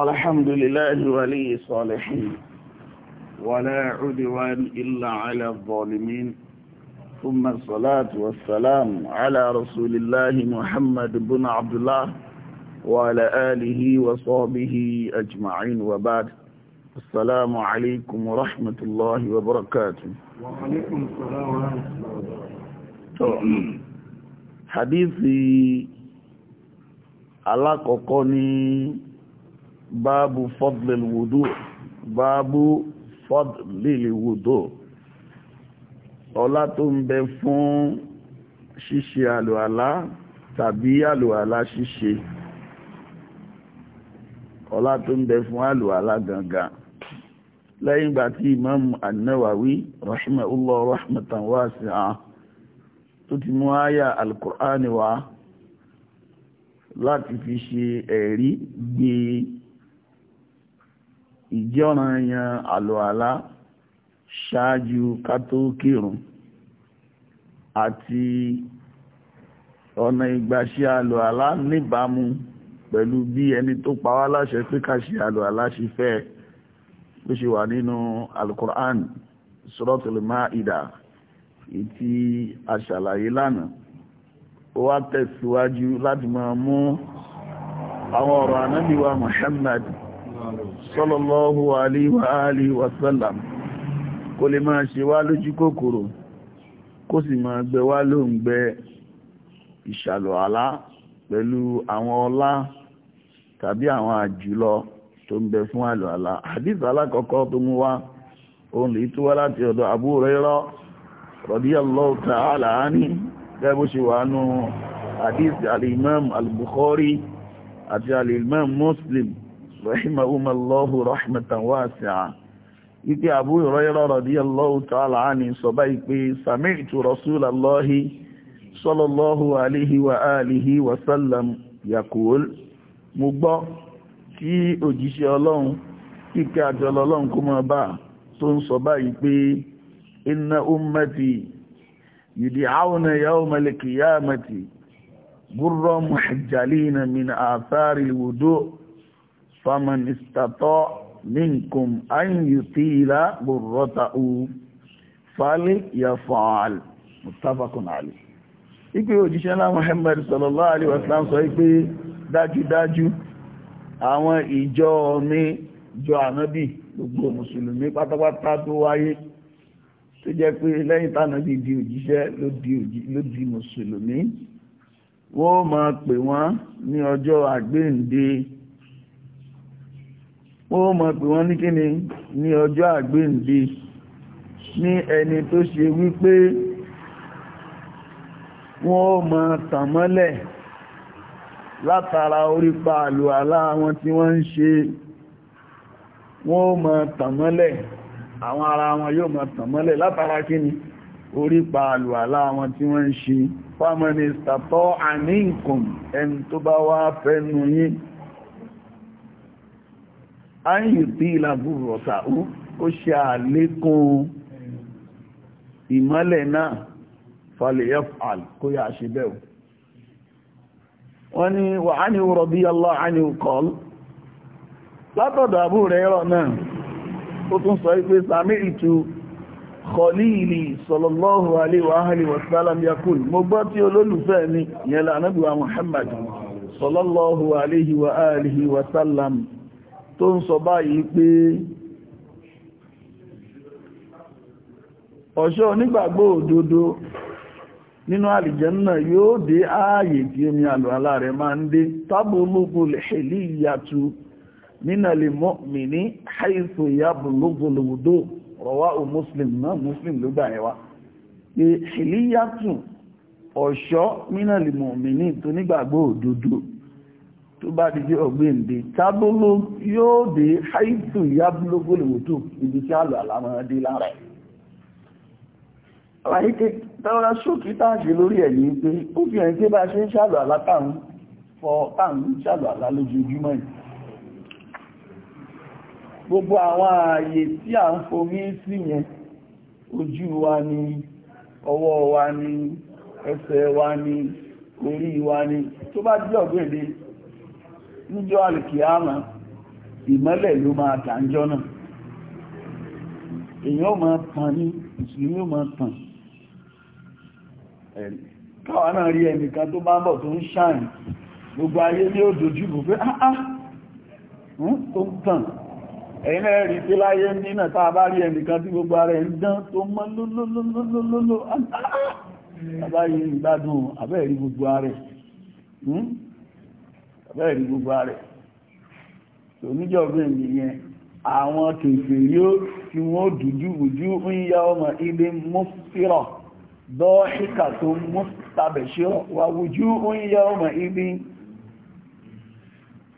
الحمد لله ولي الصالحين ولا عدوان إلا على الظالمين ثم الصلاة والسلام على رسول الله محمد بن عبد الله وعلى آله وصحبه أجمعين وبعد السلام عليكم ورحمة الله وبركاته وعليكم السلام ورحمة الله وبركاته حديثي على قوقني باب فضل الوضوء باب فضل الوضوء ọlá tó ń bẹ fún ṣíṣe àlùwàlá tàbí àlùwàlá ṣíṣe ọlá tó ń bẹ fún àlùwàlá gangan lẹ́yìn ìgbà tí imam annawawi rahimahullah rahmatan wasi'a tó ti mú àyà alkùránì wá láti fi ṣe ẹ̀rí gbé ìjọ́ran yan àlọ́àlá ṣáájú ká tó kírun àti ọ̀nà ìgbàṣẹ́ àlọ́àlá níbàámu pẹ̀lú bí ẹni tó pa wá láṣẹ pé ká ṣe àlọ́àlá ṣe fẹ́ ló ṣe wà nínú alukur'an suratul Maida ìtì àṣàlàyé lánàá ó wá tẹ̀síwájú láti máa mú àwọn ọ̀rọ̀ ànábì Muhammad sallallahu alaihi wa alihi wa sallam kó lè máa ṣe wá lójú kòkòrò kó sì máa gbẹ wá lóǹgbẹ ìṣàlọ̀ àlá pẹ̀lú àwọn ọlá tàbí àwọn àjùlọ tó ń bẹ fún àlọ́ àlá hadith alákọ̀ọ́kọ́ tó mú wá òun lè tó wá láti ọ̀dọ̀ Abu àti al Muslim rahimahumullahu rahmatan wasi'a ipe Abu Hurairah radiyallahu ta'ala anhu sọ báyìí pé sami'tu rasulallahi sallallahu alayhi wa alihi wa sallam yaqul mo gbọ́ tí òjíṣẹ́ ọlọ́run kíkẹ́ àjọlọ ọlọ́run kó máa bá tó ń sọ báyìí pé inna ummati yud'auna yawmal qiyamati burran muhajjalina min athari al-wudu' faman istatọ́ minkum ayyuti ila burrota'u fali yafa'al mustafakun ali ipe òjíṣẹ́ ńlá Muhammad sallallahu alaihi wasallam sọ pé dájúdájú àwọn ìjọ mi jọ ànábì gbogbo mùsùlùmí pátápátá tó wáyé tó jẹ́ pé lẹ́yìn tánàbì di òjíṣẹ́ ló di mùsùlùmí wọ́n máa pè wọ́n ní ọjọ́ àgbéǹde wọ́n mọ̀ pé wọ́n ní kíni ní ọjọ́ àgbéǹde ní ẹni tó ṣe wípé wọ́n mọ̀ tàmọ́lẹ̀ látara orípa àlò àlá wọn tí wọ́n ń ṣe wọ́n mọ̀ tàmọ́lẹ̀ àwọn ara wọn yóò mọ̀ tàmọ́lẹ̀ látara kíni orípa àlò àlá wọn tí wọ́n ń ṣe fámọ́nìsítà àníǹkùn ẹni tó bá wá fẹ́nu yìí áyùtí ìlàbúrò ọ̀sàú kó ṣe àlékún ìmọ́lẹ̀ náà falẹ̀yẹ́f al kó yá ṣe bẹ́ẹ̀ wọ́n ni wà á ní rọ̀bí Allah á ní kọ́l látọ̀dọ̀ àbú rẹ̀ rọ̀ náà ó tún sọ wípé sàmì ìtù kọlíìlì sọlọ̀lọ́hù aléwàáhàlì wàsálàm yakul mo gbọ́ tí olólùfẹ́ mi yẹn lànàbíwà Muhammad sọlọ̀lọ́hù aléhìwà aléhìwà tó ń sọ báyìí pé ọ̀ṣọ́ onígbàgbọ́ òdodo nínú àlìjẹ́nà yóò dé ààyè tí omi àlùwàlá rẹ̀ máa ń dé tábùlùkù lẹ̀ṣẹ̀lì ìyàtú nínà lè mọ́ mi ní àìsò ìyàbùlùgbòlòwòdó rọwá o muslim náà muslim ló gbà ẹwà pé ṣìlíyàtù ọ̀ṣọ́ nínà lè mọ̀ mi ní tó nígbàgbọ́ òdodo tó bá di jẹ́ ọ̀gbẹ́ǹde tábúlú yóò dé haitu yábúlógó lèmòtò ibi tí a lọ àlámọ́dé lára ẹ̀ àwáyé tẹ́wọ́lá ṣókí táàṣì lórí ẹ̀ pé ó fi ẹ̀yìn tí bá ṣe ń ṣàlọ̀ àlá fọ táàrùn ṣàlọ̀ àlá lójoojúmọ́ wa ni ọwọ́ wa ni ẹsẹ̀ wa ni orí wa tó bá jẹ́ ọ̀gbẹ́ǹde níjọ́ alìkìyàmà ìmọ́lẹ̀ ló máa tàǹjọ́ náà èyàn ó tàn ní ìsìlúmí ó tàn káwà náà rí ẹnìkan tó bá ń bọ̀ tó ń ṣàìn gbogbo ayé ní òdòjú bù pé áá ah, ah, hmm, tó ń tàn ẹ̀yìn tí láyé tàà bá rí ẹnìkan tí gbogbo ara ń dán tó mọ́ bẹ́ẹ̀ ni gbogbo rẹ̀ oníjọ̀gbìn nìyẹn àwọn kèfè yóò tí wọ́n dúdú ojú ń yá ọmọ ilé mọ́sírọ̀ dọ́ọ̀ṣíkà tó mọ́sàbẹ̀ṣírọ̀ wà ojú ń yá ọmọ ilé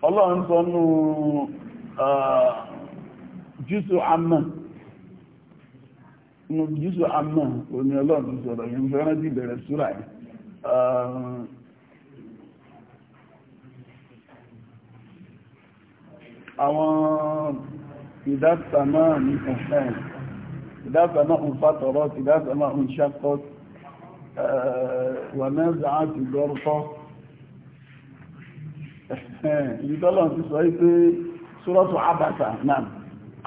ọlọ́run sọ́nù jùsù àmà jùsù àmà òní ọlọ́run sọ̀rọ̀ yẹn fẹ́ràn àwọn ìdásàmá ní ẹ̀ṣẹ́ ìdásàmá ń fàtọ̀rọ̀ ìdásàmá ń ṣàkọ́ eh, wà mẹ́ta àti gọ́rùkọ́ ìdítọ́lọ̀ ti sọ ipé ṣúrọ́tù abasa náà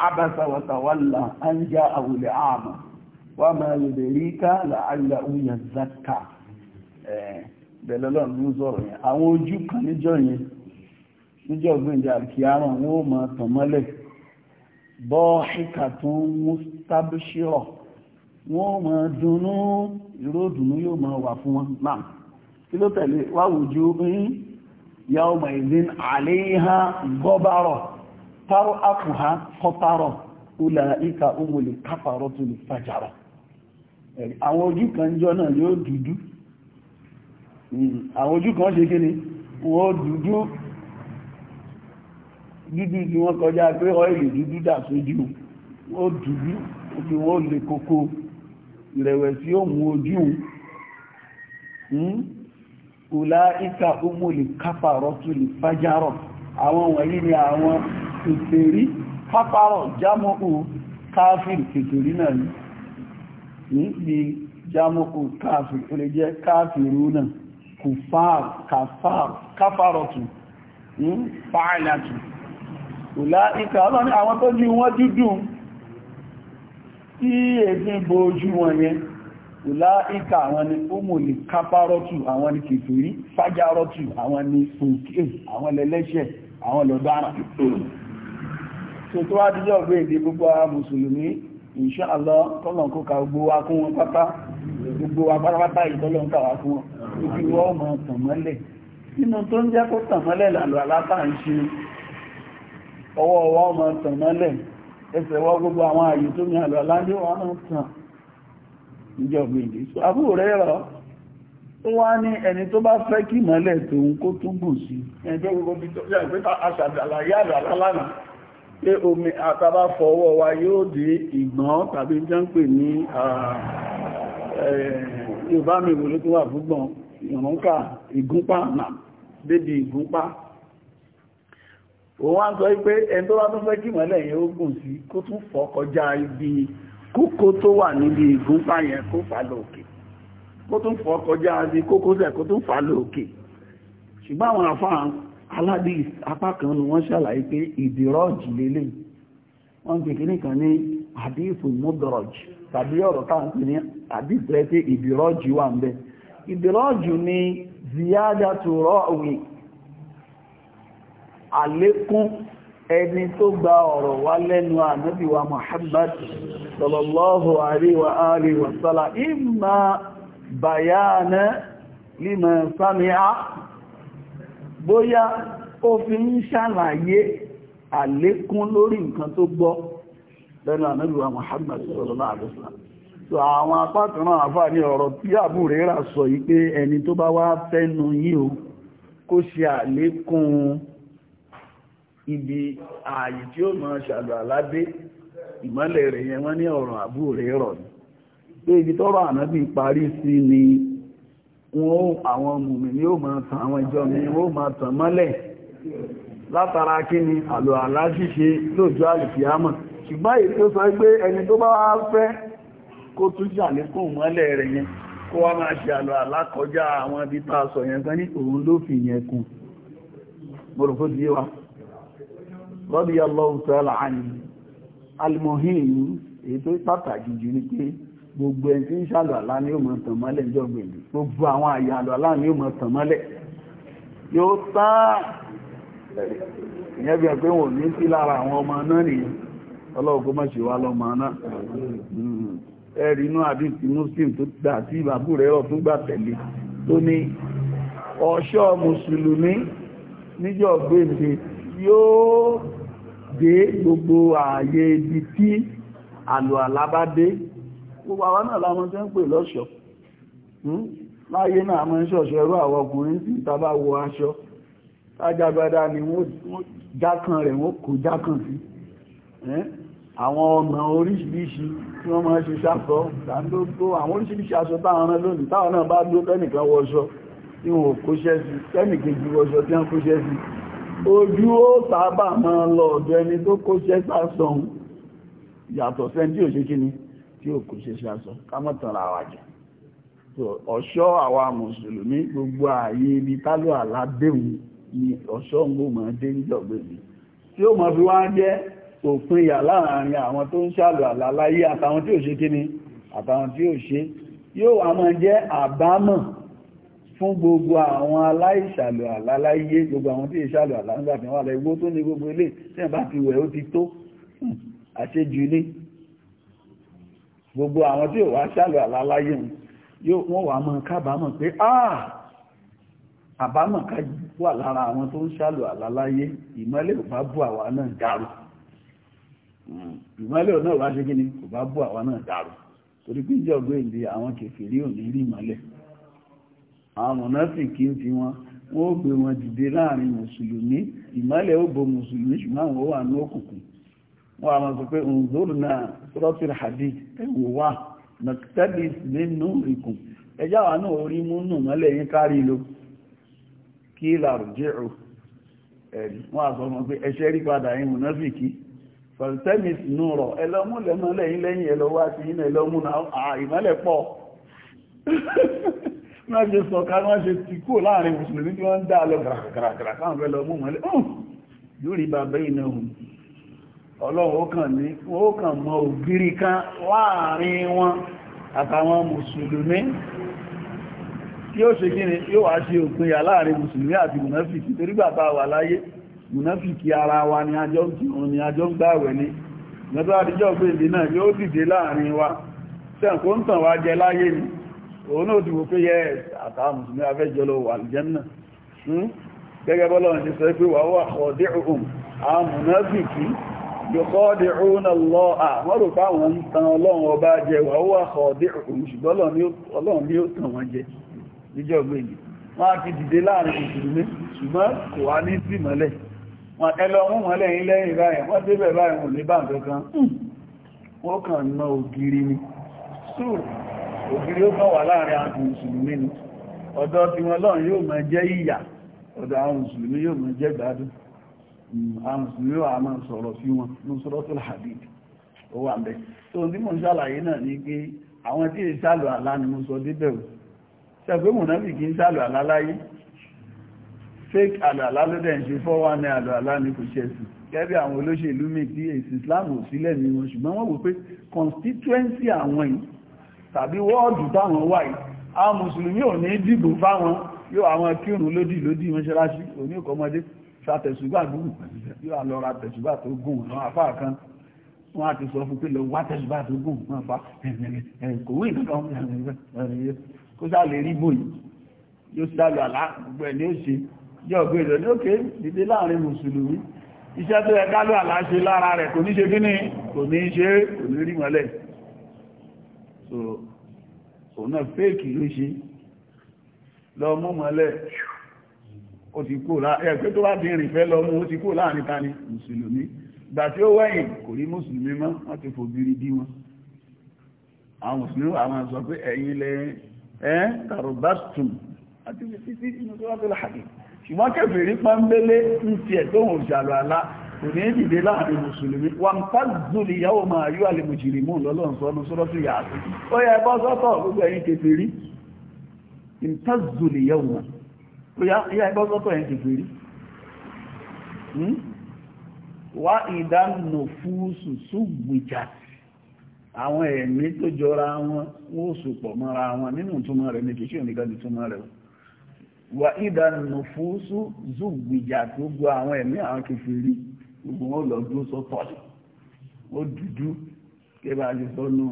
abasa wàtàwàlà an já àwùlẹ̀ àmà wà máa yẹ̀ bẹ̀rí ká láàrín níjọ́ gbẹ̀ǹdẹ̀ àkíyàrán wọn ó máa tàn mọ́lẹ̀ bọ́ ṣíkà tó ń mú tábíṣírọ̀ wọn ó máa dunnú ìró ìdùnnú yóò máa wà fún wọn náà kí ló tẹ̀lé wáwùjú ń yà ọmọ ìdín àléhà gọ́bárọ̀ táró àkùhá kọ́tárọ̀ ọlà ìka òmùlẹ̀ kápárọ̀ tó lè fàjàrọ̀ àwọn ojú kan jọ náà yóò dúdú hmm, àwọn ojú kan ṣe kí ni wọ́n dúdú dúdú ni wọ́n kọjá pé ọ́ìlì dúdú dà sójú ó dúdú ojú wọ́n lè kókó ìrẹ̀wẹ̀sí ó mú ojú ọ̀lá ìka ọmọ lè kápàrọ̀ tó lè fájárọ̀ àwọn wọ̀nyí ni àwọn kèfèrí kápàrọ̀ jámọ́kù káfìrì kèfèrí náà ní ní jámọ́kù káfìrì ó lè jẹ́ káfìrú náà kùfàr káfàrọ̀ tù fàálà tù ìlà ìkà ọlọ́ni àwọn tó ní wọ́n dúdú tí èdè bo ojú wọn yẹn ìlà ìkà àwọn ni umùlì kápárọ́tù àwọn ni kìfèrí fájárọ́tù àwọn ni òkè àwọn lẹ́lẹ́ṣẹ̀ àwọn lọ́dára tó tó wá díjọ́ gbé èdè gbogbo ara mùsùlùmí insha Allah kọ́lọ̀n kó ka gbogbo wa kún wọn pátá gbogbo wa pátápátá ìtọ́lọ̀ ń kàwà fún wọn ojú wọ́n mọ̀ tàn mọ́lẹ̀ nínú tó ń jẹ́ kó tàn mọ́lẹ̀ làlọ́ alátà ń ṣe ọwọ́ ọwọ́ ọmọ tàn mọ́lẹ̀ ẹsẹ̀ wọ́ gbogbo àwọn àyè tó ní àlọ́ láńdé wọn tàn ìjọba ìdí so Abu Huraira ó wá ní ẹni tó bá fẹ́ kí mọ́lẹ̀ tòun kó tún bù sí ẹjọ́ gbogbo bí tó yà pé aṣàdàlàyé àdàlá lánàá pé omi àtàbá fọwọ́ wa yóò dé ìgbọ́n tàbí jẹ́ ń pè ní Yorùbá wọ́n wá sọ pé ẹni tó bá tún fẹ́ kí mọ́lẹ̀ yẹn ó gùn sí kó tún fọ́ kọjá ibi kókó tó wà níbi ìgúnpá yẹn kó fà lóòkè kó tún fọ́ kọjá ibi kókósẹ̀ kó tún fà lóòkè ṣùgbọ́n àwọn àfáà aládì apá kan ni wọ́n ṣàlàyé pé ìdírọ́ọ̀jì lélẹ̀ wọ́n ti kìíní kan ní àdífù mọ́dọ̀rọ̀jì tàbí ọ̀rọ̀ táà pè ní àdífù rẹ̀ pé ìdírọ́ọ̀jì wà ń bẹ ìdírọ́ọ̀jì ni ziyada tó rọ́ọ̀wì àlékún ẹni tó gba ọ̀rọ̀ wá lẹ́nu ànábì wa Muhammad sallallahu alaihi wa alihi wa sallam imma bayana lima sami'a bóyá ó fi ń ṣàlàyé àlékún lórí nǹkan tó gbọ́ lẹ́nu ànábì wa Muhammad sallallahu alaihi wa sallam so àwọn apákanáà àfà ní ọ̀rọ̀ tí àbú rẹ̀ rà sọ yìí pé ẹni tó bá wá fẹ́nu yìí o kó ṣe àlékún ibi ààyè tí ó máa ṣàlù aládé ìmọ́lẹ̀ rẹ̀ yẹn wọ́n ní ọ̀rọ̀ àbú rẹ̀ rọ̀ ní pé ibi tọ́rọ ànábì parí sí ni wọ́n àwọn mùmí ni ó máa tàn àwọn ìjọ mi ó máa tàn mọ́lẹ̀ látara kí ni àlò àlá ṣíṣe lóòjọ́ àlìfíàmọ̀ ṣùgbọ́n èyí tó sọ pé ẹni tó bá wá fẹ́ kó tún ṣàlékún mọ́lẹ̀ rẹ̀ yẹn kó wá máa ṣe àlò àlá kọjá àwọn ibi tá a sọ yẹn kan ní òun ló fi yẹn kù mo rò fó ti yé wa radiyallahu ta'ala anhu almuhim èyí tó pàtàkì jù ní pé gbogbo ẹni tí ń ṣàlọ̀ àlá ni ó mọ̀ tàn mọ́lẹ̀ ìjọ gbèlè gbogbo àwọn àyà àlọ́ àlá ni ó mọ̀ tàn mọ́lẹ̀ yóò tán ìyẹn bí i pé wọn ò ní sí lára àwọn ọmọ náà nìyẹn ọlọ́run kó ṣe wá lọ́mọ náà ẹ̀rí inú àdíkì muslim tó gbà tí ìbàbú rẹ̀ rọ̀ tó gbà tẹ̀lé tó ní ọ̀ṣọ́ mùsùlùmí níjọ́ gbèǹde yóò dé gbogbo ààyè ibi tí àlò àlábá dé gbogbo àwọn náà lámọ́ tẹ́ ń pè lọ́ṣọ́ hmm? láyé náà mọ́ ṣọ̀ṣọ́ ẹrú àwọn ọkùnrin sí ìtàbá wọ aṣọ tájágbádá ni wọ́n jákan rẹ̀ wọ́n kò jákan sí àwọn ọ̀nà oríṣiríṣi tí wọ́n máa ṣe ṣàkọ́ ìdádógó àwọn oríṣiríṣi aṣọ táwọn ọ̀nà lónìí táwọn náà bá dó tẹ́nìkan wọṣọ tí wọ́n kóṣẹ́ sí tẹ́nìkejì wọṣọ tí wọ́n kóṣẹ́ sí ojú ó sábà máa lọ ọ̀dọ̀ ẹni tó kó ṣẹ́ sásọun yàtọ̀ sẹ́ni tí ò ṣe kíní tí ò kó ṣe sásọ kámọ́tànra àwàjẹ́ ọ̀ṣọ́ àwa mùsùlùmí gbogbo ààyè ibi tálò aládéhùn ni ọ̀ṣọ́ ń gbòmọ̀ dé níjọ̀gbẹ̀ mi tí ó mọ̀ fi wá jẹ́ òpin yà láàrin àwọn tó ń ṣàlù àlàláyé àtàwọn tí ò ṣe kíní àtàwọn tí ò ṣe àbámọ̀ fún gbogbo àwọn aláìṣàlù àlá láyé gbogbo àwọn tí ìṣàlù àlá ń gbàfihàn wà lẹ́gbó tó ní gbogbo ilé tí ẹ̀bá ti wẹ̀ ó ti tó hmm, àṣejù ní gbogbo àwọn tí ò wá àlá láyé wọ́n wà mọ́ kábàámọ̀ pé ah àbámọ̀ ká wà lára àwọn tó ń ṣàlù àlá láyé ìmọ́lẹ̀ ò bá bú àwa náà dàrú hmm, ìmọ́lẹ̀ ò náà wá ṣe kí ni kò bá bú àwa náà dàrú torí pé ìjọba èdè àwọn kèfèrí ò ní rí ìmọ́lẹ̀ àwọn mọ̀náfìkì ń fi wọn wọ́n ó gbé wọn dìde láàrin mùsùlùmí ìmọ́lẹ̀ ó bo mùsùlùmí ṣùgbọ́n wà ní òkùnkùn wọ́n a máa sọ pé ǹzọ́rù náà sọ́tìrì hadith ẹ̀wò wà nọ̀tẹ́bìs nínú ìkùn ẹjá náà ṣe sọ̀ká náà ṣe ti kó láàrin mùsùlùmí tí wọ́n ń dá lọ kàràkàrà káwọn fẹ́ lọ mú mọ́lẹ̀ yóò rí bàbá iná hù ọlọ́run ó kàn ní ó kàn mọ ògiri kan láàrin wọn àtàwọn mùsùlùmí tí ó ṣe kí ni yóò wá ṣe òpinya láàrin mùsùlùmí àti òun náà ti wò pé yẹ àtàwọn mùsùlùmí afẹ́jọlọ wà jẹ́nà hmm? gẹ́gẹ́ bọ́lọ́run ti sọ pé wà wà ọ̀dẹ́ òun àwọn mùnáfìkì يخادعون الله wọ́n rò fáwọn ń tan ọlọ́run ọba jẹ wà ó wà ọ̀dẹ́ òun ṣùgbọ́n ọlọ́run ni ó tàn wọ́n jẹ níjọ́gbé yìí wọ́n á ti dìde láàrin ìṣùlùmí ṣùgbọ́n kò wá ní sí mọ́lẹ̀ wọ́n ẹlọ ògiri ó kàn wà láàrin àwọn mùsùlùmí ni ọ̀dọ̀ tí wọn lọ́run yóò máa jẹ́ ìyà ọ̀dọ̀ àwọn mùsùlùmí yóò máa jẹ́ gbádùn hmm, àwọn mùsùlùmí wà máa sọ̀rọ̀ sí wọn ní suratul hadid ó wà mẹ́ tó ní mò ń ṣàlàyé náà ní pé àwọn tí ì sálò àlá ni mo sọ débẹ̀ o ṣẹ̀gbé mùnábì kì í sálò àlá láyé fake àlò ló dẹ̀ ń ṣe fọ́wọ́ ní àlò àlá kò ṣe sí gẹ́bí àwọn olóṣèlú mi tí èsì Islam ò sílẹ̀ ní wọn ṣùgbọ́n wọ́n wò pé constituency àwọn yìí tàbí wọ́ọ̀dù táwọn wà yìí àwọn mùsùlùmí ò ní dìbò fáwọn yóò àwọn kírun lódì lódì mọ́ṣáláṣí òní ìkọmọdé ṣàtẹ̀sùgbà gùn yóò àlọ́ra tẹ̀sùgbà tó gùn àwọn àfáà kan wọ́n á ti sọ fún pé lọ wá tẹ̀sùgbà tó gùn wọ́n fa kòwé ìkankan kó sá lè rí bòyí yóò sálọ àlá gbogbo ẹ̀ ní ó ṣe yóò gbé ìrọ̀ e ní òkè dìde láàrin mùsùlùmí iṣẹ́ tó yẹ kálù lára rẹ̀ kò ní ṣe kí ni kò ní ṣe kò ní rí mọ́lẹ̀ so òun náà fẹ́ẹ̀kì ló ṣe lọ mú mọ́lẹ̀ ó ti kó láàrin ẹgbẹ́ tó bá ti rìn fẹ́ lọ mú ó ti kó láàrin ta ni mùsùlùmí ìgbà tí ó wẹ̀yìn kò rí mùsùlùmí mọ́ wọ́n ti fòbìrì dí wọn àwọn mùsùlùmí àwọn sọ pé ẹ̀yin lẹ ẹ́ tarobastum àti títí kò ní dìde láàrin mùsùlùmí wà ń tàzùlì yàwó máa yú alìmùjìrìmù lọ́lọ́run sọ́nù sọ́rọ́tù yàtì ó yẹ bọ́ sọ́tọ̀ gbogbo ẹ̀yin kèfèrí ń tàzùlì yàwó máa yá ẹbọ́ sọ́tọ̀ ẹ̀yin kèfèrí hmm? wá ìdánù fúúsù súgbìjà àwọn ẹ̀mí tó jọra wọn wọ́n sùpọ̀ mọ́ra wọn nínú ìtumọ̀ rẹ̀ ní kìíṣẹ́ oníkan ìtumọ̀ rẹ̀ wà ìdánù fúúsù súgbìjà tó gbọ́ àwọn ẹ̀mí àwọn kèfèrí gbogbo wọn lọ dúró sọ́tọ̀ ó dúdú kébà lè sọ́nu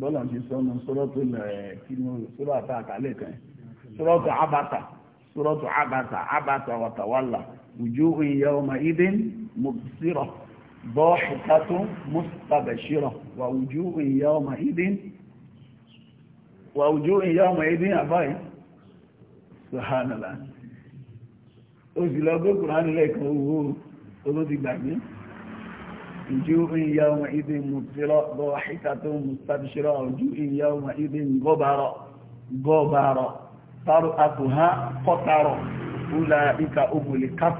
bọ́lá ti sọ́nu sọ́rọ́tò lẹ̀ kí ni sọ́rọ́ àtà àkàlẹ̀ kan sọ́rọ́tò abata sọ́rọ́tò abata abata wàtàwàlà ojú ìyá ọmọ ibin mọ̀sírọ̀ bọ́ọ̀ṣùkátó mọ́sítàbẹ̀ṣírọ̀ wà wà ojú ìyá ọmọ ibin àbáyé sọ̀hánàlá ó owó olódi gbàgbé ìjú ìyá ọmọ ìdí mùsílọ́ bọ́ àṣíkà tó mùsàbíṣírọ́ ojú ìyá ọmọ ìdí gọ́bàárọ̀ kọ́tàrọ̀ ìka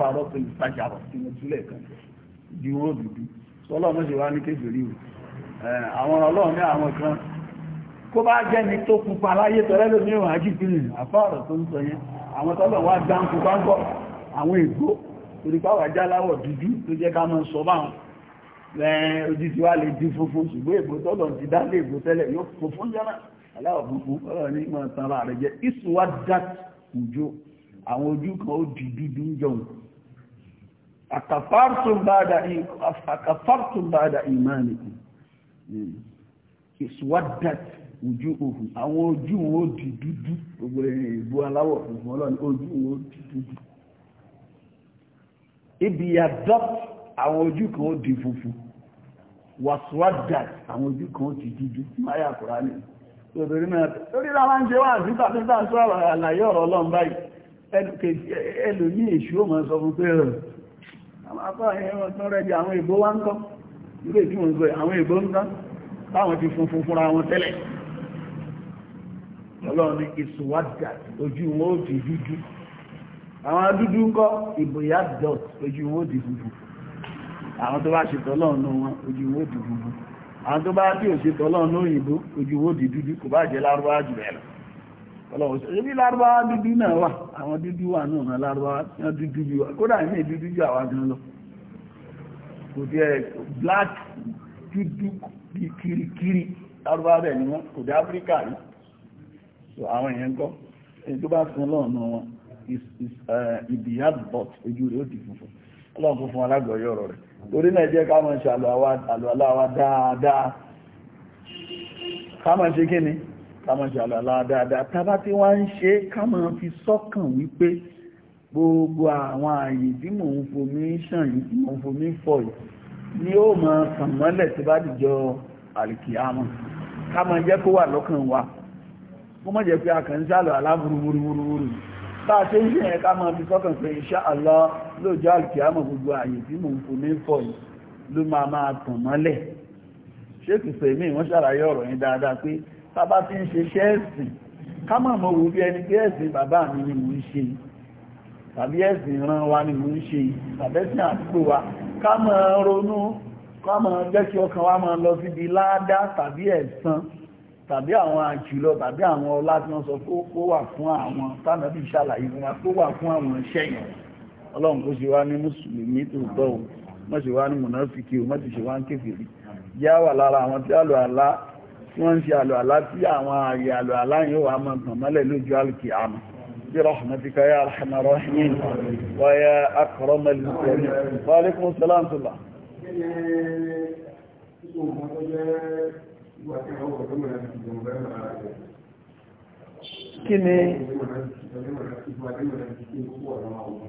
káfàárọ̀ o àwọn ọlọ́run torí pàwà jáláwọ̀ dúdú tó jẹ́ ká máa sọ báwọn ojú ti wá lè di funfun ṣùgbọ́n ègbò tọ́lọ̀ ti dá lé ègbò tẹ́lẹ̀ yóò funfun jẹ́nà aláwọ̀ funfun ọ̀rọ̀ ní mọ̀ tán ara rẹ̀ jẹ́ ìṣúwá dát òjò àwọn ojú kan ó di dúdú jọun àkàfàrtún bàdà ìmánìkù ìṣúwá àwọn ojú wọn ó gbogbo ẹ̀yìn ìbú aláwọ̀ funfun ọlọ́ni ojú wọn ó ibi yàdọ́t àwọn ojú kan ó di funfun wàsúwádà àwọn ojú kan ó ti dúdú máyà kùránì lórí náà lórí ra máa ń ṣe wá àti tàbíta sọ àlàyé ọ̀rọ̀ ọlọ́run báyìí ẹlòmí èṣù ó sọ fún pé ẹ̀rọ ọlọ́run ní ìsúwádà ojú wọn ó ti dúdú àwọn dúdú ń kọ́ ìbòyà dot ojú owó di funfun àwọn tó bá ṣe tọ́lọ́nà wọn ojú owó di funfun àwọn tó bá tí ò ṣe tọ́lọ́nà òyìnbó ojú owó di dúdú kò bá jẹ́ lárúbáwá jù bẹ̀rẹ̀ ọlọ́wọ́sẹ̀bí lárúbáwá dúdú black dúdú kirikiri lárúbáwá bẹ̀ ni wọ́n kò dé so àwọn èèyàn kọ́ èyí tó bá fún lọ́ọ̀nà wọn ìbíyàbọ̀t uh, ojú rẹ̀ ó di funfun ọlọ́run kún fún alágbọ̀ọ́yọ̀ ọ̀rọ̀ rẹ̀ torí náà jẹ́ ká máa ṣe àlùwàlá wa dáadáa ká máa ṣe kí ni ká máa ṣe àlùwàlá dáadáa tábà tí wọ́n ń ṣe ká máa fi sọ́kàn wípé gbogbo àwọn ààyè tí mò ń fomi ṣàn yìí tí mò ń fomi fọ̀ yìí ni ó máa kàn mọ́lẹ̀ tí bá dìjọ àlìkìyàmọ̀ ká máa jẹ́ kó wà lọ́kàn wa kó má jẹ́ pé a kàn ń ṣàlọ̀ aláburú bá ṣe ń ṣe ẹ̀ká máa fi sọ́kàn pé insha Allah lóòjọ́ àkíyàmọ̀ gbogbo ààyè tí mò ń fún ní fọ̀ yìí ló máa máa tàn mọ́lẹ̀ ṣé kì sọ èmi wọ́n ṣàlàyé ọ̀rọ̀ yẹn dáadáa pé bàbá ti ń ṣe ṣẹ́ẹ̀sì ká máa mọ̀ wò bí ẹni pé ẹ̀sìn bàbá mi ni mò ń ṣe tàbí ẹ̀sìn ìran wa ni mò ń ṣe tàbẹ́sìn àdúgbò wa ká máa ronú ká máa jẹ́ kí ọkàn wa máa lọ síbi ládá tàbí tàbí àwọn àjùlọ tàbí àwọn ọlá tí wọ́n sọ kó wà fún àwọn tánàbí ṣàlàyé fún kó wà fún àwọn iṣẹ́ yẹn ọlọ́run kó ṣe wá ní mùsùlùmí tó tọ́ o mọ́ ṣe wá ní mùnáfíkì o mọ́ ti ṣe wá ń kéfèrí yá wà lára àwọn tí àlọ́ àlá tí wọ́n ń ṣe àlọ́ àlá tí àwọn ààyè àlọ́ àlá yóò wá mọ̀ tàn mọ́lẹ̀ lójú àlùkì àmọ́ برحمتك يا ارحم الراحمين ويا اكرم المكرمين وعليكم السلام ورحمه الله kí ni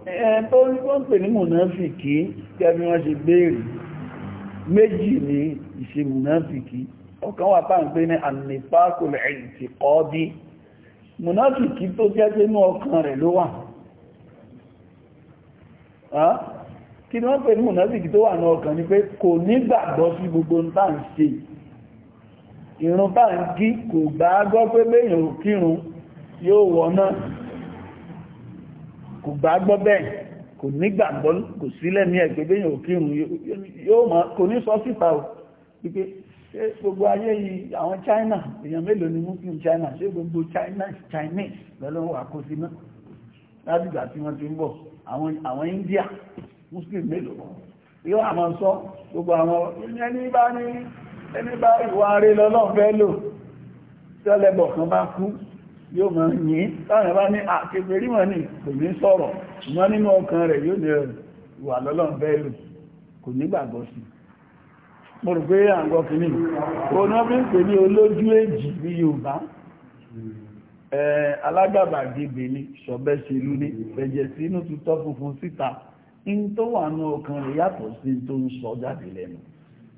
ẹ̀ẹ́n tó ń pè ní mùnáfìkì gẹ́bí wọ́n ṣe béèrè méjì ní ìṣe mùnáfìkì ọ̀kan wà tàà ń pè ní an-nifaqul i'tiqadi mùnáfìkì tó jẹ́ pé ní ọkàn rẹ̀ ló wà kí ni wọ́n pè ní mùnáfìkì tó wà ní ọkàn ni pé kò nígbàgbọ́ sí gbogbo ń tàà ń ṣe ìrun bá ń kò gbà pé béèyàn kírun yóò kò gbà gbọ́ bẹ́ẹ̀ kò nígbàgbọ́ kò sílẹ̀ ní ẹ̀gbẹ́ béèyàn kírun yóò mọ́ kò ní sọ síta o wípé ṣé gbogbo ayé yìí àwọn China èèyàn mélòó ni muslim China gbogbo China Chinese ẹni bá ìwà rí lọ́lọ́fẹ́ lò tẹ́lẹ̀bọ̀ kan bá kú yóò máa yìn láàrin bá ní àkẹfẹ̀rí wọn ní kò ní sọ̀rọ̀ ṣùgbọ́n nínú ọkàn rẹ̀ yóò ní ìwà lọ́lọ́fẹ́ lò kò nígbàgbọ́ sí mo rò pé àǹgọ́ kìíní òun náà fi ń pè ní olójú èjì ní Yorùbá alágàbàgebè sí tó ń sọ jáde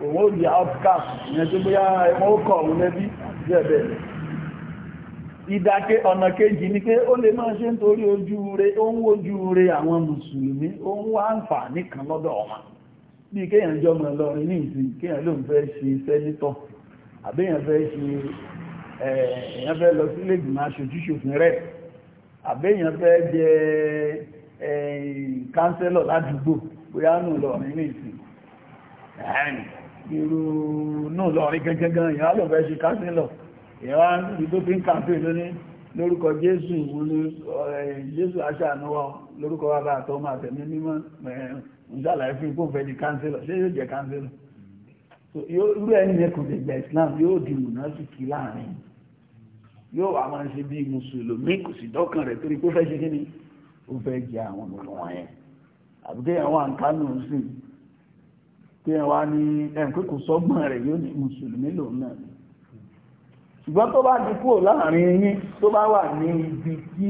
òun ó yà outcast ìyẹn tó bóyá ẹwọ́n ó òun lẹ́bí ìdáké ọ̀nà kejì ni pé ó lè máa ṣe nítorí ojú rẹ ó ń rẹ àwọn mùsùlùmí ń kan lọ́dọ̀ bí kéèyàn ní kéèyàn ló ń fẹ́ ṣe àbẹ́yàn fẹ́ ṣe èèyàn fẹ́ lọ sílé ìgbìmọ̀ aṣojúṣòfin rẹ̀ àbẹ́yàn fẹ́ jẹ ládùúgbò bóyá nù irú náà lọ rí gẹ́gẹ́gẹ́ ìyá lọ fẹ́ ṣe káṣílọ̀ ìyá ìdó fi ń kàfẹ́ lóní lórúkọ jésù jésù aṣàánúwà lórúkọ wà bá àtọ́mà àtẹ̀mí mímọ́ ìjàlá ẹ̀fún ikú fẹ́ di káńsílọ̀ ṣe yóò jẹ káńsílọ̀ irú ẹni yẹn kò lè gba islam yóò di mùnásìkì láàrin yóò wà máa ń ṣe bí mùsùlùmí kò sì dọ́kàn rẹ̀ torí pé ó fẹ́ ṣe kí ni ó fẹ́ jẹ àwọn ọmọ wọn yẹn àbúkẹ́ yẹn wà kí ẹ wá ní ẹ̀ǹkíkù sọ́gbọ̀n rẹ̀ yóò ní mùsùlùmí lòun náà ṣùgbọ́n tó bá di kúrò láàrin yín tó bá wà ní ibi tí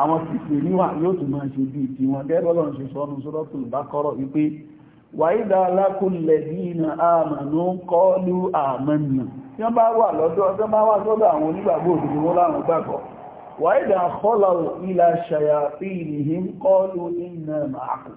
àwọn kìfè níwà yóò tún máa ṣe bí ìtì wọn gẹ́gọ́lọ́ ṣe sọ́nu sọ́rọ́kùnlù bá kọ́rọ̀ wípé wàídà alákùnlẹ̀ dínà àmànú kọlu àmànà tí wọ́n bá wà lọ́dọ̀ ọjọ́ bá wà sọ́dọ̀ àwọn onígbàgbọ́ òdìdí wọn láwọn gbàgbọ́ wàídà kọlọ̀ ilà ṣàyàfí ìrìhìn kọlu ìnà màákùn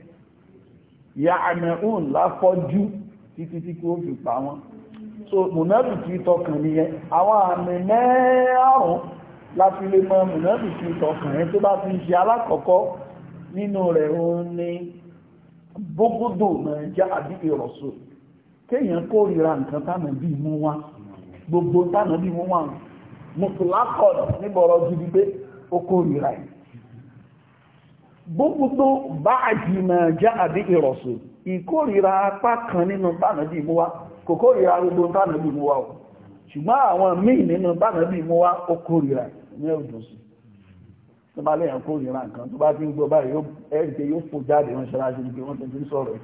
ya àmẹ́hùn láfọ́jú títí tí kí ó fi pa wọn so mùnẹ́bì tí tọkàn nìyẹn àwọn àmì mẹ́rùn láti lè mọ mùnẹ́bì tí kan yẹn to ba ti ṣe alákọ̀ọ́kọ́ nínú rẹ̀ òun ni bógúdò nàìjá àbí ìrọ̀sọ kéèyàn kórìíra nǹkan tánà bí mú wá gbogbo tánà bí mú wá mùsùlákọ̀ níbọ̀rọ̀ gidi pé ó kórìíra yìí gbogbo bá àjìmọ̀ já àbí ìrọ̀sùn ìkórìíra apá kan nínú bánàbí mú wá kò kórìíra gbogbo bánàbí mú wá o ṣùgbọ́n àwọn míì nínú bánàbí mú wá ó kórìíra ní ẹ̀dùnsùn tó bá lẹ́yìn kórìíra nǹkan tó bá ti ń gbọ́ báyìí ẹ̀rìkẹ́ yóò fò jáde wọn ṣaláṣe ní pé wọ́n ti ń sọ̀rọ̀ bí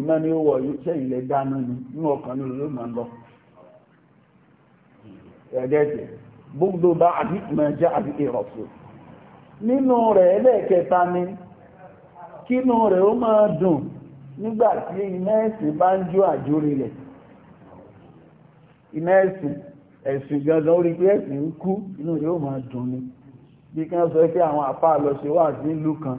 iná ni ó wọ̀ sẹ́yìn lẹ dáná ni ní ọkàn ní olóòrùn máa ń lọ ẹ̀ẹ́dẹ́gbẹ̀ gbogbo bá àbí mẹ́jẹ́ àbí ìrọ̀sùn nínú rẹ̀ ẹlẹ́ẹ̀kẹta ni kínú rẹ̀ ó máa dùn nígbàtí iná ẹ̀sìn bá ń jó àjórí rẹ̀ iná ẹ̀sìn ẹ̀sìn gangan orí pé ẹ̀sìn ń kú inú rẹ̀ ó máa dùn ni bí kí wọ́n sọ pé àwọn àpá lọ ṣe wà nílùú kan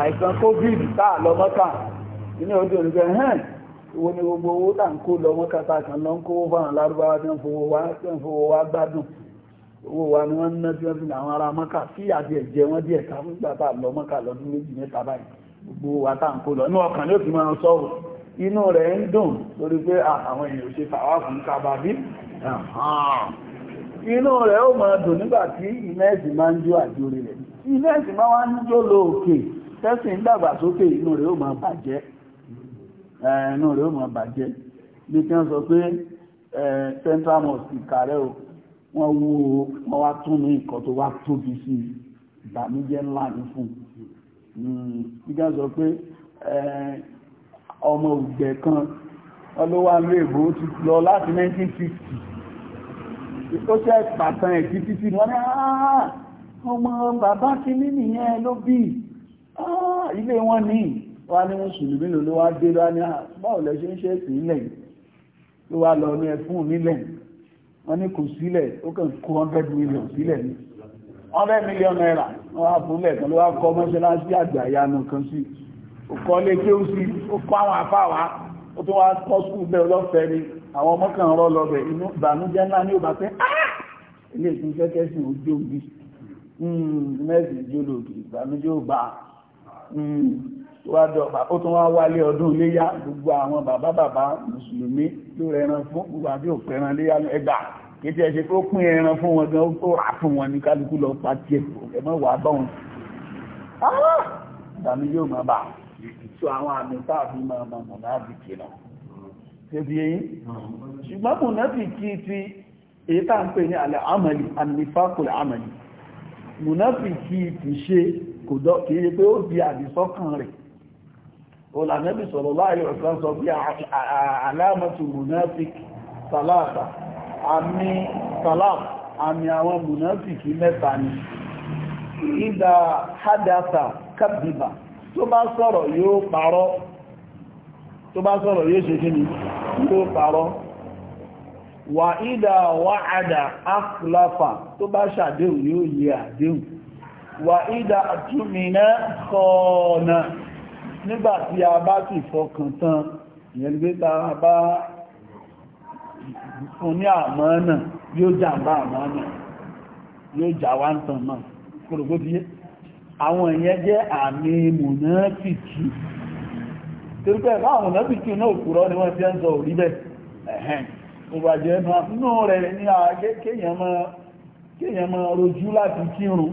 àìsàn covid táà lọ́mọ́ta inú ọdún olùgbẹ̀ hàn ìwọ ni gbogbo owó tà ń kó lọ́mọ́ta tà kàn lọ ń kó fáwọn lárúbáwá tí wọ́n fowó wá gbádùn owó wa ni wọ́n ná tí wọ́n fi àwọn ará mọ́ka sí àti ẹ̀jẹ̀ wọn díẹ̀ ká fún gbàtà lọ́mọ́ka lọ́dún méjì mẹ́ta báyìí gbogbo wa tà ń kó lọ ní ọkàn ló fi máa sọ inú rẹ̀ ń dùn lórí pé àwọn èèyàn ṣe fàwa fún kábàbí inú rẹ̀ ó máa dùn nígbà tí inẹ́ẹ̀sì máa ń jó àjò rẹ̀ inẹ́ẹ̀sì máa wá ń jó lóòkè tẹ́sìn dàgbàsókè inú rẹ̀ ó máa bàjẹ́ inú rẹ̀ ó máa bàjẹ́ bí kí wọ́n sọ pé central mosque kàrẹ́ o wọ́n wú o wọ́n wá tún ní nǹkan tó wá tóbi sí ìbànújẹ́ ńlá ní fún hmm, bí kí wọ́n sọ pé ọmọ ògbẹ̀ kan ọlọ́wà ní èbò ti lọ láti 1950 ó ṣe pàtàn ẹ̀kí títí wọ́n ní ààrùn ọmọ bàbá kìíní nìyẹn ló bí Ah, ilé wọn ní wá ní mùsùlùmí ló wá dé lọ ní ah, báwo lẹ ṣe ń ṣe sí ilẹ̀ ló wá lọ ní ẹfún nílẹ̀ wọ́n ní kò sílẹ̀ ó kàn kó 100 million sílẹ̀ ní 100 million naira wọ́n wá fún lẹ̀kan ló wá kọ́ mọ́ṣáláṣí àgbàyanu kan sí òkọ́ lé kí ó sí ó kọ́ àwọn afáwà ó tó wá kọ́ skúù bẹ́ẹ̀ ọlọ́fẹ́ ni àwọn ọmọ kan rọ́ lọ́bẹ̀ inú ìbànújẹ́ ńlá ní ó bá pẹ́ ah! ilé ìpínfẹ́kẹ́sìn ojú òbí hmm, mẹ́sì jólòkì ìbànújẹ́ ò bá ó tún wá wálé ọdún léyá gbogbo àwọn bàbá bàbá mùsùlùmí ló rẹran fún gbogbo àti òpẹran léyá ẹgbà kéte ẹ̀ṣẹ́ tó pín ẹran fún wọn gan tó rà fún wọn ní kálukú lọ pàtí ẹ̀ ẹ̀mọ́ wà bá wọn ìdàmí yóò máa bà tó àwọn àmì táàfin máa ma mọ̀ láàbì kìnnà tẹ́bí eyín ṣùgbọ́n mọ̀ náà fi kí ti èyí tá à ń pè ní àlẹ́ àmàlì àmì fákùlẹ̀ àmàlì mọ̀ náà fi kí ti ṣe kò dọ́ kìí ṣe pé ó di àdìsọ́kàn rẹ̀ olànẹ́bì sọ̀rọ̀ láàrin ọ̀sán sọ bí aláàmọ́tù munafik salata àmì salam àmì àwọn munafiki mẹ́ta ni ìdá hadasa kàbìbà tó bá sọ̀rọ̀ yóò parọ́ tó bá sọ̀rọ̀ yóò ṣe kí ni yóò parọ́ wà ìdá wa'ada akhlafa tó bá ṣàdéhùn yóò yẹ àdéhùn wà ìdá àtúmìnà kọ̀ọ̀nà nígbàtí a bá sì fọkàn tán ìyẹ̀lúgbéta bá fún ní àmọ́nà yóò jàmbá àmọ́nà yóò jà wá ń tàn náà kòrògbó díẹ̀ àwọn ìyẹn jẹ́ àmì mùnáfìkì torípẹ́ báwọn mùnáfìkì náà òkúrọ́ ni wọ́n fi ń sọ orí bẹ́ẹ̀ ìbàjẹ́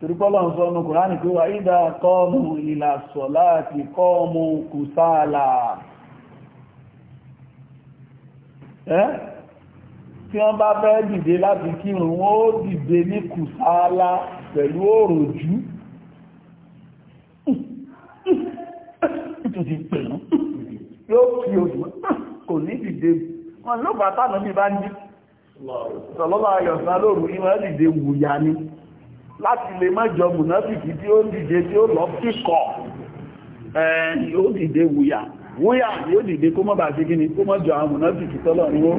torípọ́lọ̀ ń sọ ọmọ kùránì pé wà ìdá kọ́ọ̀mù ìlàsọ̀ láti kọ́ọ̀mù kùsáàlà ẹ́ tí wọ́n bá fẹ́ dìde láti kírun wọ́n ó dìde ní kùsáàlà pẹ̀lú òròjú ìtòsí pẹ̀lú yóò kí ojú kò ní dìde wọn ló bàtà náà bí bá ń dí sọ̀lọ́lá ayọ̀sán lóòrùn ìwọ̀n dìde wùyà ni láti lè mọ́jọ mùnáfìkì tí ó dìde tí ó lọ kíkọ̀ ẹ̀yìn ó dìde wùyà wúyà yóò dìde kó mọ́ bá sí gíní kó mọ́jọ àwọn mùnáfìkì tọ́lọ̀ ní ó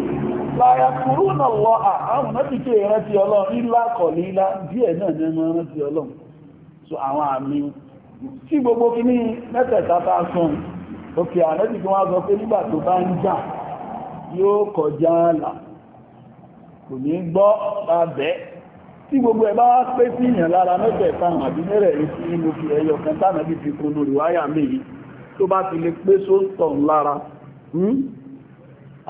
láyà kúrú náà lọ àwọn mùnáfìkì ìrántí ọlọ́run ńlá kọ̀ nílá díẹ̀ náà ní ẹmọ so àwọn àmì tí gbogbo kí ní mẹ́tẹ̀ẹ̀ta bá sùn òkè àrẹ́bì tí wọ́n sọ pé nígbà tó bá ń tí gbogbo ẹ̀ bá wá pé sí ìyàn lára mẹ́fẹ̀ táwọn àbí mẹ́rẹ̀ rí sí mo fi ẹyọ kan tánà bí fi kún lórí wáyà mìí tó bá ti lè pé sóńtọ̀ lára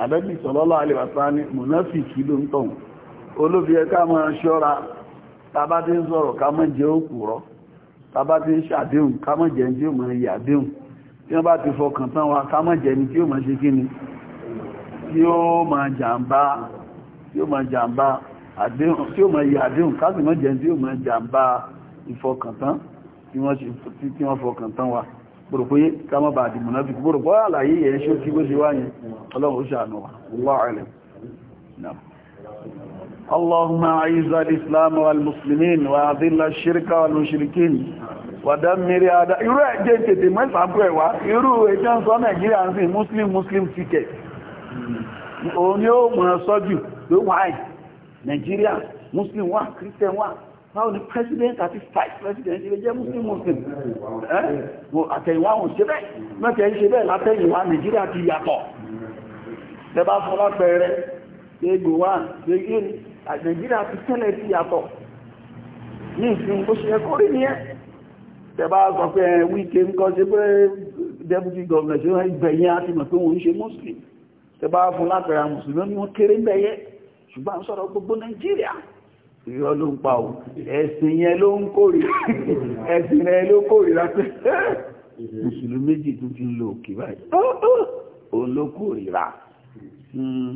àdẹ́bì sọ̀lọ́lá alìbàtà ni mùnáfì kí ló ń tọ̀ olóbi ẹ ká máa ṣọ́ra tàbá tí ń sọ̀rọ̀ ká má jẹ́ òkúrọ́ tàbá tí ń ṣàdéhùn ká má jẹ́ tí ó máa yà déhùn tí wọ́n bá ti fọkàn tán wa ká má jẹ́ ni tí ó máa ṣe kí ni tí ó máa jàǹbá àdéhùn tí ó máa yẹ àdéhùn káàkiri mọ́ jẹun tí ó máa jàǹbá ìfọkàntán tí wọ́n fọkàntán wa gbòròpó ká má bàa di mùnáfíkí gbòròpó àlàyé yẹn ṣó kí bó ṣe wáyé ọlọ́run ó ṣàánú wa wallahu a'lam اللهم أعز الإسلام والمسلمين وأذل الشرك والمشركين ودمر أعداء irú ẹ̀jẹ́ tètè mẹ́sàn pẹ́ wá irú ẹ̀jẹ́ sọ Nàìjíríà ń sin muslim muslim ticket òun ni ó mọ̀ sọ́jù ló wáyìí Nigeria muslim wà christian wà báwo ni president àti vice president ṣe lè jẹ́ muslim muslim eh? àtẹ̀yìnwá òun ṣe bẹ́ẹ̀ mẹ́tẹ̀ ń ṣe bẹ́ẹ̀ látẹ̀yìnwá Nigeria ti yàtọ̀ tẹ́bá fọlá pẹ̀rẹ́ gbogbo wà gbogbo Nigeria ti tẹ́lẹ̀ ti yàtọ̀ ní ìsìn bó ṣe ẹkọ́ rí ní ẹ́ tẹ́bá sọ pé wíkẹ́ ń kọ́ sí pé deputy governor ṣe wọ́n ìgbẹ̀yìn àti mọ̀ pé wọ́n ń ṣe muslim tẹ́bá fọlá pẹ̀rẹ́ muslim ni wọ́n kéré ń ṣùgbọ́n à ń sọ̀rọ̀ gbogbo nàìjíríà ìrọ̀ ló ń pa ò ẹ̀sìn yẹn ló ń kórìíra ẹ̀sìn rẹ̀ ló kórìíra pé mùsùlùmí méjì tó ti ń lo òkè báyìí òun ló kórìíra hmm.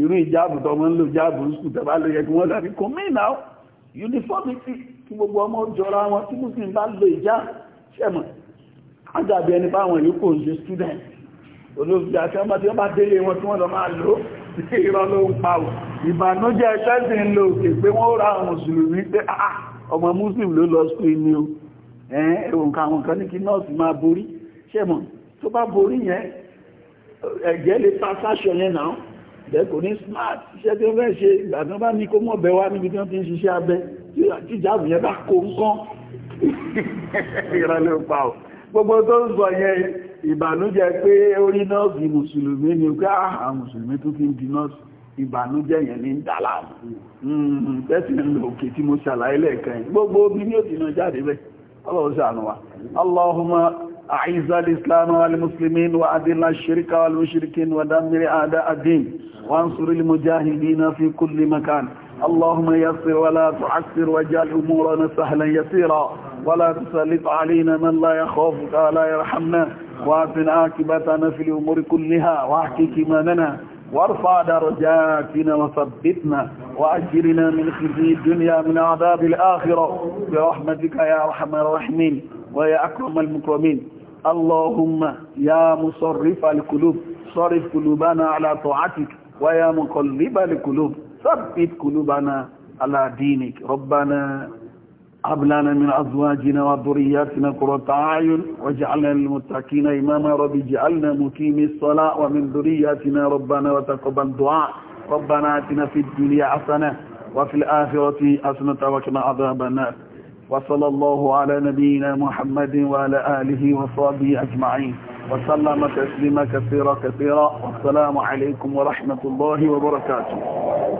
irú ìjáàbù tọmọ ń lo jáàbù ń sùn tẹ́bá ló yẹ kí wọ́n dàbí kòmínà uniformity kí gbogbo ọmọ jọra wọn tí muslim bá lo ìjá ṣẹ́mọ̀ ajábi ẹni báwọn yòókù ń ṣe student olóògbé àti ọmọdé ọmọdé lé wọn tí wọ́n lọ máa lò ìrọ́ ló pàwọ̀ ìbànújẹ́ ṣẹ́sìn ń lo òkè pé wọ́n ra mùsùlùmí pé ah, ah, ọmọ muslim ló lọ sí ní o ẹ̀wọ̀n kàwọn kan ní kí nọ́ọ̀sì máa borí ṣẹ́mọ̀ tó bá borí yẹn ẹ̀jẹ̀ lè ta sáṣọ yẹn náà ìdẹ́kò ní smart iṣẹ́ tí ó fẹ́ ṣe ìgbàtán bá ní kó mọ̀ bẹ̀ wá níbi tí wọ́n ti ń ṣiṣẹ́ abẹ tí ìjáàbù yẹn bá kó ń kán ìbànújẹ́ yẹn ní dàlá bẹ́ẹ̀sì ń lò òkè tí mo ṣàlàyé lẹ́ẹ̀kan gbogbo omi ní òdìnà jáde bẹ́ ọlọ́run ṣàánú wa allahumma أعز الإسلام والمسلمين وأذل الشرك والمشركين ودمر أعداء الدين وانصر المجاهدين في كل مكان اللهم يسر ولا تعسر واجعل أمورنا سهلا يسيرا ولا تسلط علينا من لا يخافك ولا يرحمنا وأتنا عاقبتنا في الأمور كلها واحكي كماننا وارفع درجاتنا وثبتنا وأجرنا من خزي الدنيا من عذاب الآخرة برحمتك يا أرحم الراحمين ويا أكرم المكرمين اللهم يا مصرف القلوب صرف قلوبنا على طاعتك ويا مقلب القلوب ثبت قلوبنا على دينك ربنا هب لنا من أزواجنا وذرياتنا قرة أعين واجعلنا للمتقين إماما رب اجعلنا مقيمي الصلاة ومن ذرياتنا ربنا وتقبل دعاء ربنا آتنا في الدنيا حسنة وفي الآخرة حسنة وقنا عذاب النار وصلى الله على نبينا محمد وعلى آله وصحبه أجمعين وسلم تسليما كثيرا كثيرا والسلام عليكم ورحمة الله وبركاته